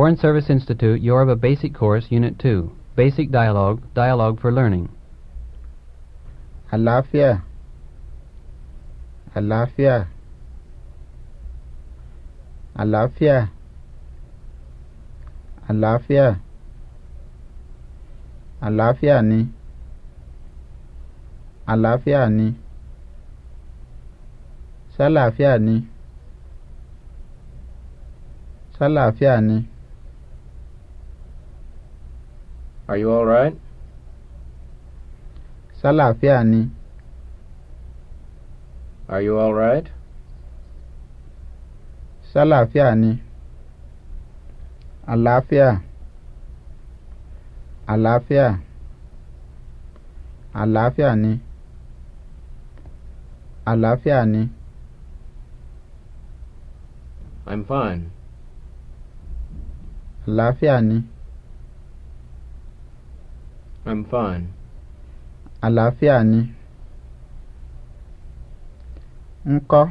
Foreign Service Institute, Yoruba Basic Course, Unit 2. Basic Dialogue, Dialogue for Learning. Alafia. Alafia. Alafia. Alafia. Alafia ni. Alafia ni. Ṣàlàáfíà ni. Ṣàlàáfíà ni. Are you all right? Salafia ani. Are you all right? Salafia ni. Alafia. Alafia. Alafia ni. I'm fine. Alafia ani. I'm fine. Àlàáfíà ni. Ńkọ́.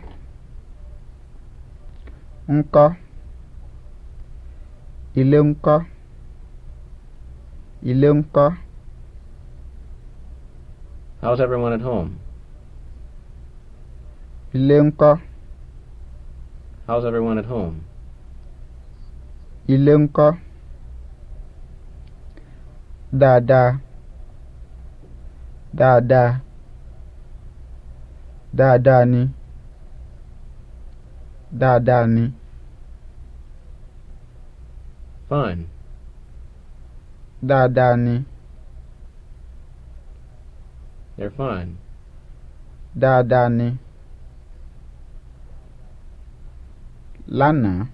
Ńkọ́. Ilé ńkọ́. Ilé ńkọ́. How's everyone at home? Ilé ńkọ́. How's everyone at home? Ilé ńkọ́. Dáadáa dáadáa dáadáa ni dáadáa ni. fine. dáadáa ni. they're fine. dáadáa ni. lánàá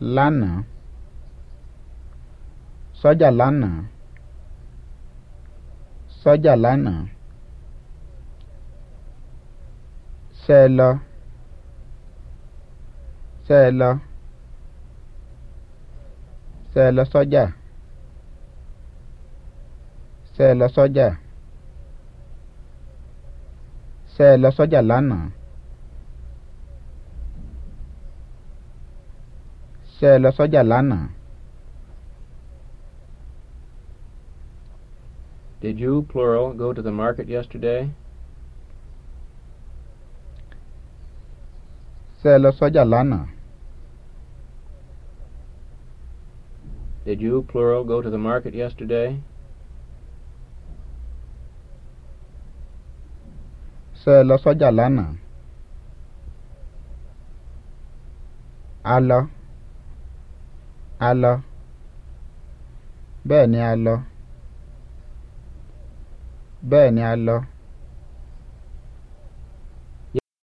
lánàá sọ́jà lánàá sọ́jà lánàá ṣe é lọ ṣe é lọ ṣe é lọ sọ́jà ṣe é lọ sọ́jà ṣe é lọ sọ́jà lánàá ṣe é lọ sọ́jà lánàá. Did you, plural, go to the market yesterday? Ṣé sọ́jà Did you, plural, go to the market yesterday? Ṣé lọ sọ́jà lánàá? A Bẹ́ẹ̀ni a lọ.